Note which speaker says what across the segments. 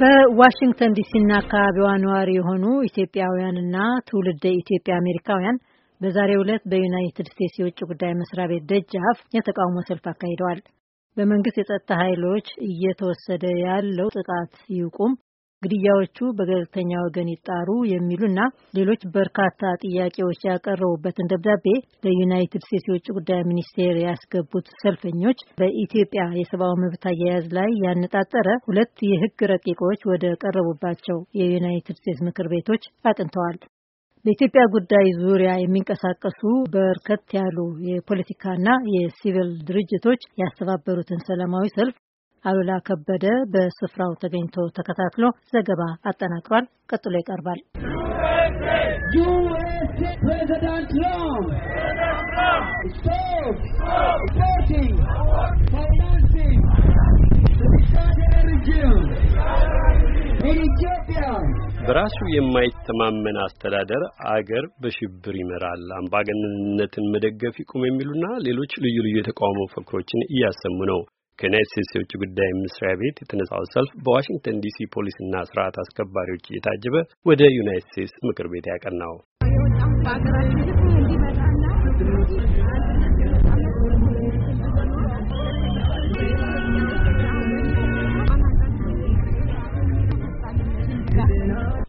Speaker 1: በዋሽንግተን ዲሲና አካባቢዋ ነዋሪ የሆኑ ኢትዮጵያውያንና ትውልደ ኢትዮጵያ አሜሪካውያን በዛሬው ዕለት በዩናይትድ ስቴትስ የውጭ ጉዳይ መስሪያ ቤት ደጃፍ የተቃውሞ ሰልፍ አካሂደዋል። በመንግስት የጸጥታ ኃይሎች እየተወሰደ ያለው ጥቃት ይቁም፣ ግድያዎቹ በገለልተኛ ወገን ይጣሩ የሚሉና ሌሎች በርካታ ጥያቄዎች ያቀረቡበትን ደብዳቤ ለዩናይትድ ስቴትስ የውጭ ጉዳይ ሚኒስቴር ያስገቡት ሰልፈኞች በኢትዮጵያ የሰብአዊ መብት አያያዝ ላይ ያነጣጠረ ሁለት የሕግ ረቂቆች ወደ ቀረቡባቸው የዩናይትድ ስቴትስ ምክር ቤቶች አጥንተዋል። በኢትዮጵያ ጉዳይ ዙሪያ የሚንቀሳቀሱ በርከት ያሉ የፖለቲካና የሲቪል ድርጅቶች ያስተባበሩትን ሰላማዊ ሰልፍ አሉላ ከበደ በስፍራው ተገኝቶ ተከታትሎ ዘገባ አጠናቅሯል። ቀጥሎ ይቀርባል።
Speaker 2: በራሱ የማይተማመን አስተዳደር አገር በሽብር ይመራል፣ አምባገነንነትን መደገፍ ይቁም የሚሉና ሌሎች ልዩ ልዩ የተቃውሞ ፈክሮችን እያሰሙ ነው። ከዩናይት ስቴትስ የውጭ ጉዳይ መስሪያ ቤት የተነሳው ሰልፍ በዋሽንግተን ዲሲ ፖሊስና ስርዓት አስከባሪዎች እየታጀበ ወደ ዩናይት ስቴትስ ምክር ቤት ያቀናው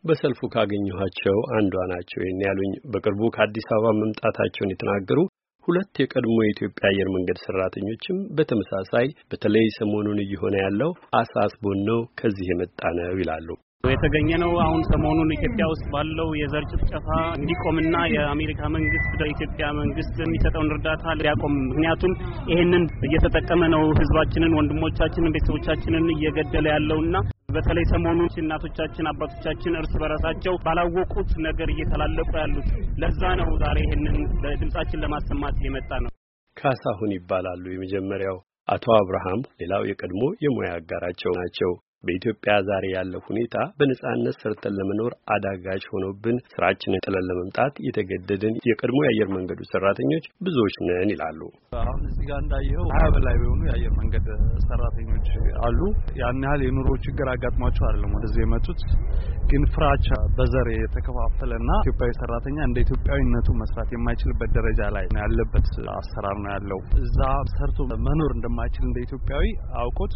Speaker 2: በሰልፉ ካገኘኋቸው አንዷ ናቸው ይህን ያሉኝ። በቅርቡ ከአዲስ አበባ መምጣታቸውን የተናገሩ ሁለት የቀድሞ የኢትዮጵያ አየር መንገድ ሰራተኞችም በተመሳሳይ በተለይ ሰሞኑን እየሆነ ያለው አሳስቦን ነው ከዚህ የመጣ ነው ይላሉ።
Speaker 1: የተገኘ ነው አሁን
Speaker 2: ሰሞኑን ኢትዮጵያ ውስጥ ባለው የዘር
Speaker 1: ጭፍጨፋ እንዲቆምና የአሜሪካ መንግስት በኢትዮጵያ መንግስት የሚሰጠውን እርዳታ ሊያቆም ምክንያቱም ይህንን እየተጠቀመ ነው ህዝባችንን፣ ወንድሞቻችንን፣ ቤተሰቦቻችንን እየገደለ ያለውና በተለይ ሰሞኑን እናቶቻችን አባቶቻችን እርስ በራሳቸው ባላወቁት ነገር እየተላለቁ ያሉት። ለዛ ነው ዛሬ ይህንን ድምጻችን ለማሰማት የመጣ ነው።
Speaker 2: ካሳሁን ይባላሉ የመጀመሪያው አቶ አብርሃም ሌላው የቀድሞ የሙያ አጋራቸው ናቸው። በኢትዮጵያ ዛሬ ያለው ሁኔታ በነጻነት ሰርተን ለመኖር አዳጋች ሆኖብን ስራችንን ጥለን ለመምጣት የተገደድን የቀድሞ የአየር መንገዱ ሰራተኞች ብዙዎች ነን ይላሉ። አሁን እዚህ ጋር እንዳየኸው ሀያ በላይ የሆኑ የአየር መንገድ ሰራተኞች አሉ። ያን ያህል የኑሮ ችግር አጋጥሟቸው አይደለም ወደዚህ የመጡት፣ ግን ፍራቻ በዘር የተከፋፈለና ኢትዮጵያዊ ሰራተኛ እንደ ኢትዮጵያዊነቱ መስራት የማይችልበት ደረጃ ላይ ያለበት አሰራር ነው ያለው። እዛ ሰርቶ መኖር እንደማይችል እንደ ኢትዮጵያዊ አውቆት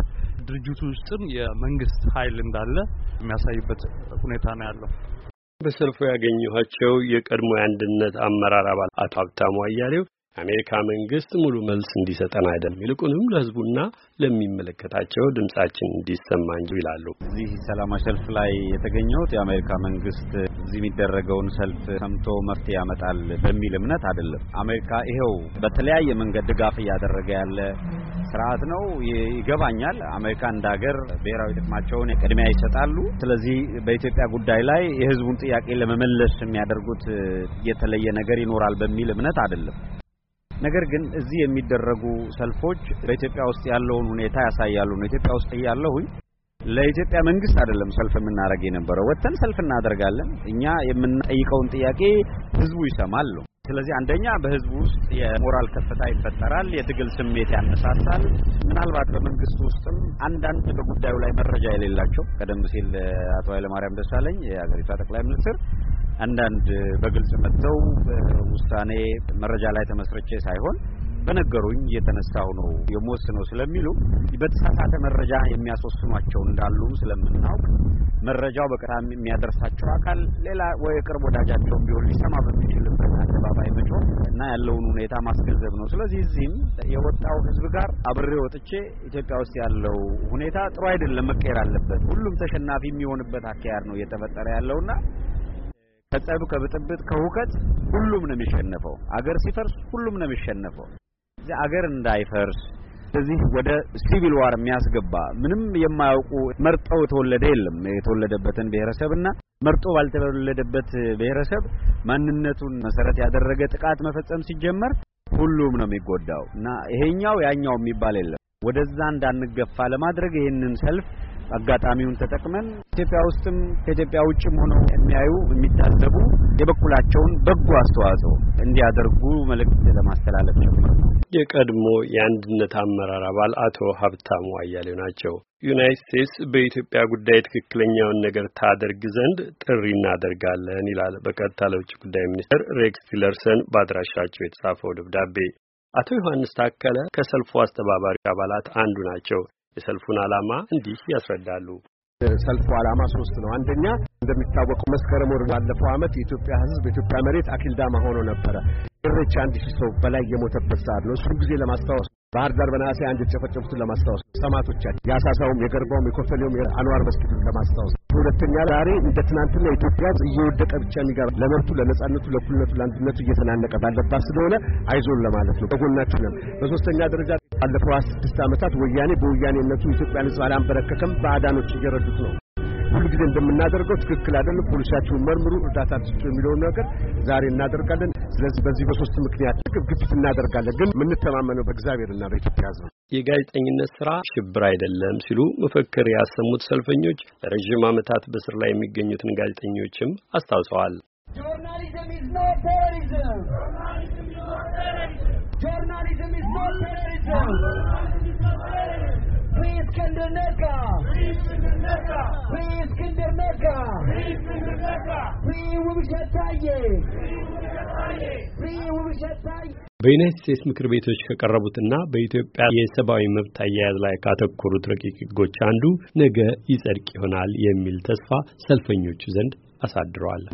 Speaker 2: ድርጅቱ ውስጥም የመንግስት ኃይል እንዳለ የሚያሳይበት ሁኔታ ነው ያለው። በሰልፉ ያገኘኋቸው የቀድሞ የአንድነት አመራር አባል አቶ ሀብታሙ አያሌው የአሜሪካ መንግስት ሙሉ መልስ እንዲሰጠን አይደለም፣ ይልቁንም ለህዝቡና ለሚመለከታቸው ድምጻችን እንዲሰማ
Speaker 1: እንጂ ይላሉ። እዚህ ሰላማዊ ሰልፍ ላይ የተገኘሁት የአሜሪካ መንግስት እዚህ የሚደረገውን ሰልፍ ሰምቶ መፍትሄ ያመጣል በሚል እምነት አይደለም። አሜሪካ ይኸው በተለያየ መንገድ ድጋፍ እያደረገ ያለ ስርዓት ነው ይገባኛል። አሜሪካ እንደ ሀገር ብሔራዊ ጥቅማቸውን ቅድሚያ ይሰጣሉ። ስለዚህ በኢትዮጵያ ጉዳይ ላይ የህዝቡን ጥያቄ ለመመለስ የሚያደርጉት የተለየ ነገር ይኖራል በሚል እምነት አይደለም። ነገር ግን እዚህ የሚደረጉ ሰልፎች በኢትዮጵያ ውስጥ ያለውን ሁኔታ ያሳያሉ ነው። ኢትዮጵያ ውስጥ እያለሁኝ ለኢትዮጵያ መንግስት አይደለም ሰልፍ የምናደርግ የነበረው። ወጥተን ሰልፍ እናደርጋለን። እኛ የምንጠይቀውን ጥያቄ ህዝቡ ይሰማል ነው ስለዚህ አንደኛ በህዝቡ ውስጥ የሞራል ከፍታ ይፈጠራል፣ የትግል ስሜት ያነሳሳል። ምናልባት በመንግስት ውስጥም አንዳንድ በጉዳዩ ላይ መረጃ የሌላቸው ቀደም ሲል አቶ ኃይለማርያም ደሳለኝ የሀገሪቷ ጠቅላይ ሚኒስትር አንዳንድ በግልጽ መጥተው ውሳኔ መረጃ ላይ ተመስርቼ ሳይሆን በነገሩኝ የተነሳው ነው የምወስነው ስለሚሉ በተሳሳተ መረጃ የሚያስወስኗቸው እንዳሉም ስለምናውቅ መረጃው በቀጣም የሚያደርሳቸው አካል ሌላ ወይ ቅርብ ወዳጃቸውን ቢሆን ሊሰማ በሚችልበት አደባባይ መጮ እና ያለውን ሁኔታ ማስገንዘብ ነው። ስለዚህ እዚህም የወጣው ህዝብ ጋር አብሬ ወጥቼ ኢትዮጵያ ውስጥ ያለው ሁኔታ ጥሩ አይደለም፣ መቀየር አለበት፣ ሁሉም ተሸናፊ የሚሆንበት አካሄድ ነው እየተፈጠረ ያለውና ከጸብ፣ ከብጥብጥ፣ ከሁከት ሁሉም ነው የሚሸነፈው። አገር ሲፈርስ ሁሉም ነው የሚሸነፈው። አገር እንዳይፈርስ ስለዚህ ወደ ሲቪል ዋር የሚያስገባ ምንም የማያውቁ መርጠው የተወለደ የለም። የተወለደበትን ብሔረሰብና መርጦ ባልተወለደበት ብሔረሰብ ማንነቱን መሰረት ያደረገ ጥቃት መፈጸም ሲጀመር ሁሉም ነው የሚጎዳው እና ይሄኛው ያኛው የሚባል የለም። ወደዛ እንዳንገፋ ለማድረግ ይህንን ሰልፍ አጋጣሚውን ተጠቅመን ኢትዮጵያ ውስጥም ከኢትዮጵያ ውጭም ሆነው የሚያዩ የሚታዘቡ የበኩላቸውን በጎ አስተዋጽኦ እንዲያደርጉ መልእክት ለማስተላለፍ ጭምር ነው።
Speaker 2: የቀድሞ የአንድነት አመራር አባል አቶ ሀብታሙ አያሌው ናቸው። ዩናይት ስቴትስ በኢትዮጵያ ጉዳይ ትክክለኛውን ነገር ታደርግ ዘንድ ጥሪ እናደርጋለን ይላል በቀጥታ ለውጭ ጉዳይ ሚኒስትር ሬክስ ቲለርሰን በአድራሻቸው የተጻፈው ደብዳቤ። አቶ ዮሐንስ ታከለ ከሰልፉ አስተባባሪ አባላት አንዱ ናቸው። የሰልፉን ዓላማ እንዲህ ያስረዳሉ።
Speaker 1: ሰልፉ ዓላማ ሶስት ነው። አንደኛ እንደሚታወቀው መስከረም ወር ባለፈው ዓመት የኢትዮጵያ ሕዝብ የኢትዮጵያ መሬት አኪልዳማ ሆኖ ነበረ። ኢሬቻ አንድ ሺህ ሰው በላይ የሞተበት ሰዓት ነው። እሱን ጊዜ ለማስታወስ ባህር ዳር በነሐሴ አንድ የተጨፈጨፉትን ለማስታወስ ሰማዕቶቻችን የአሳሳውም፣ የገርባውም፣ የኮፈሌውም የአንዋር መስጊዱን ለማስታወስ ሁለተኛ ዛሬ እንደ ትናንትና ኢትዮጵያ እየወደቀ ብቻ የሚገባ ለመብቱ፣ ለነጻነቱ፣ ለእኩልነቱ፣ ለአንድነቱ እየተናነቀ ባለባት ስለሆነ አይዞን ለማለት ነው። በጎናችሁ በሶስተኛ ደረጃ ባለፈው ስድስት ዓመታት ወያኔ በወያኔነቱ ኢትዮጵያን ህዝብ አላንበረከከም። በአዳኖች እየረዱት ነው። ሁሉ ጊዜ እንደምናደርገው ትክክል አይደለም፣ ፖሊሲያችሁን መርምሩ፣ እርዳታ ስጡ የሚለውን ነገር ዛሬ እናደርጋለን። ስለዚህ በዚህ በሶስት ምክንያት ግፊት እናደርጋለን። ግን የምንተማመነው በእግዚአብሔርና በኢትዮጵያ ህዝብ
Speaker 2: የጋዜጠኝነት ስራ ሽብር አይደለም ሲሉ መፈክር ያሰሙት ሰልፈኞች ለረዥም ዓመታት በስር ላይ የሚገኙትን ጋዜጠኞችም አስታውሰዋል።
Speaker 1: ጆርናሊዝም ኢዝ ኖ ቴሮሪዝም Journalism is not terrorism. Free Iskender the Mecca. Iskender Nega. the Mecca. Taye. Free Wubshet Taye.
Speaker 2: በዩናይትድ ስቴትስ ምክር ቤቶች ከቀረቡትና በኢትዮጵያ የሰብአዊ መብት አያያዝ ላይ ካተኮሩት ረቂቅ ሕጎች አንዱ ነገ ይጸድቅ ይሆናል የሚል ተስፋ ሰልፈኞቹ ዘንድ አሳድረዋል።